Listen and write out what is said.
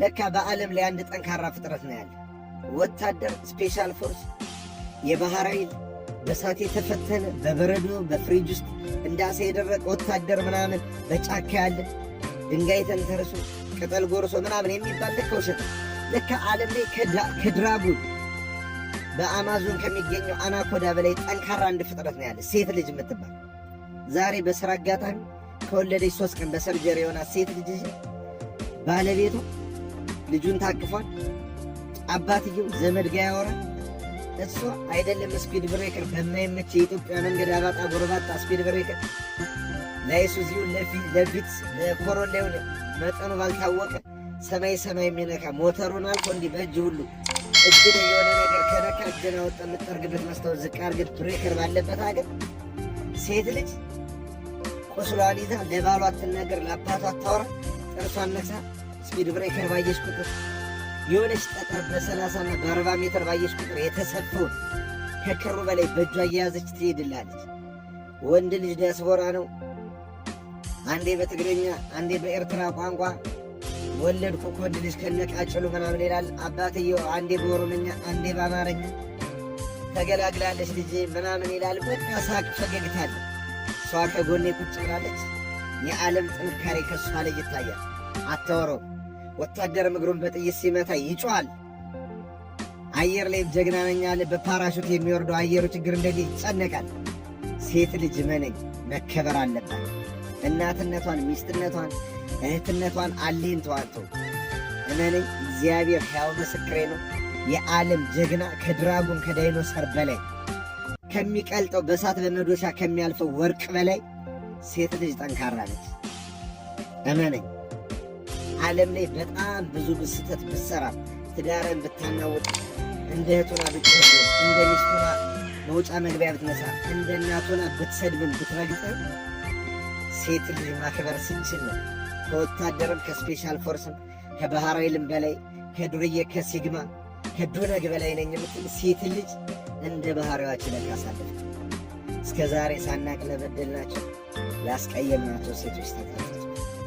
ለካ በዓለም ላይ አንድ ጠንካራ ፍጥረት ነው ያለ። ወታደር፣ ስፔሻል ፎርስ፣ የባህር ኃይል በሳት የተፈተነ በበረዶ በፍሪጅ ውስጥ እንደ አሳ የደረቀ ወታደር ምናምን በጫካ ያለ ድንጋይ ተንተርሶ ቅጠል ጎርሶ ምናምን የሚባል ለካ ውሸት። ለካ ዓለም ላይ ከድራጉን በአማዞን ከሚገኘው አናኮዳ በላይ ጠንካራ አንድ ፍጥረት ነው ያለ ሴት ልጅ የምትባል ዛሬ በስራ አጋጣሚ ከወለደች ሶስት ቀን በሰርጀሪ የሆናት ሴት ልጅ ባለቤቷ ልጁን ታቅፏል። አባትየው ዘመድ ጋ ያወራል። እሷ አይደለም ስፒድ ብሬከር በማይመች የኢትዮጵያ መንገድ አባጣ ጎረባጣ ስፒድ ብሬከር ለአይሱዚው ለፊት ለኮሮላ ሆነ መጠኑ ባልታወቀ ሰማይ ሰማይ የሚነካ ሞተሩን አልፎ እንዲህ በእጅ ሁሉ እጅን የሆነ ነገር ከነካ እጅን አወጣ የምጠርግበት መስታወት ዝቅ አርግት ብሬከር ባለበት ሀገር ሴት ልጅ ቁስሏን ይዛ ለባሏ አትናገር፣ ለአባቷ አታወራ፣ ጥርሷን ነክሳ ስፒድ ብሬከር ባየሽ ቁጥር የሆነች ጠጠር በሰላሳና በአርባ ሜትር ባየሽ ቁጥር የተሰፈውን ከክሩ በላይ በእጇ እየያዘች ትሄድላለች። ወንድ ልጅ ዲያስፖራ ነው። አንዴ በትግርኛ አንዴ በኤርትራ ቋንቋ ወለድኩ እኮ ወንድ ልጅ ከነቃጭሉ ምናምን ይላል አባትየው። አንዴ በኦሮምኛ አንዴ በአማርኛ ተገላግላለች ልጅ ምናምን ይላል። በቃ ሳቅ ፈገግታለ። እሷ ከጎኔ ቁጭ ብላለች። የዓለም ጥንካሬ ከሷ ላይ ይታያል። አተወሮ ወታደር እግሩን በጥይት ሲመታ ይጮሃል። አየር ላይ ጀግና ነኝ አለ። በፓራሹት የሚወርደው አየሩ ችግር እንደዚህ ይጨነቃል። ሴት ልጅ መነኝ መከበር አለባት። እናትነቷን፣ ሚስትነቷን፣ እህትነቷን አለህን ተዋቶ እመነኝ። እግዚአብሔር ሕያው ምስክሬ ነው። የዓለም ጀግና ከድራጎን ከዳይኖሰር በላይ ከሚቀልጠው በእሳት በመዶሻ ከሚያልፈው ወርቅ በላይ ሴት ልጅ ጠንካራ ነች። እመነኝ። ዓለም ላይ በጣም ብዙ ብስተት ብትሰራ ትዳረን ብታናወጥ እንደ እህቱና ብትወድ እንደ ሚስቱና መውጫ መግቢያ ብትነሳ እንደ እናቱና ብትሰድብን ብትረግጥ ሴት ልጅ ማክበር ስንችል ነው። ከወታደርም ከስፔሻል ፎርስም ከባህር ኃይልም በላይ ከዱርዬ ከሲግማ ከዱነግ በላይ ነኝ የምትል ሴት ልጅ እንደ ባህሪዋ ችለን ካሳለፍን እስከ ዛሬ ሳናቅ ለበደልናቸው ላስቀየምናቸው ሴቶች ተካተቱ።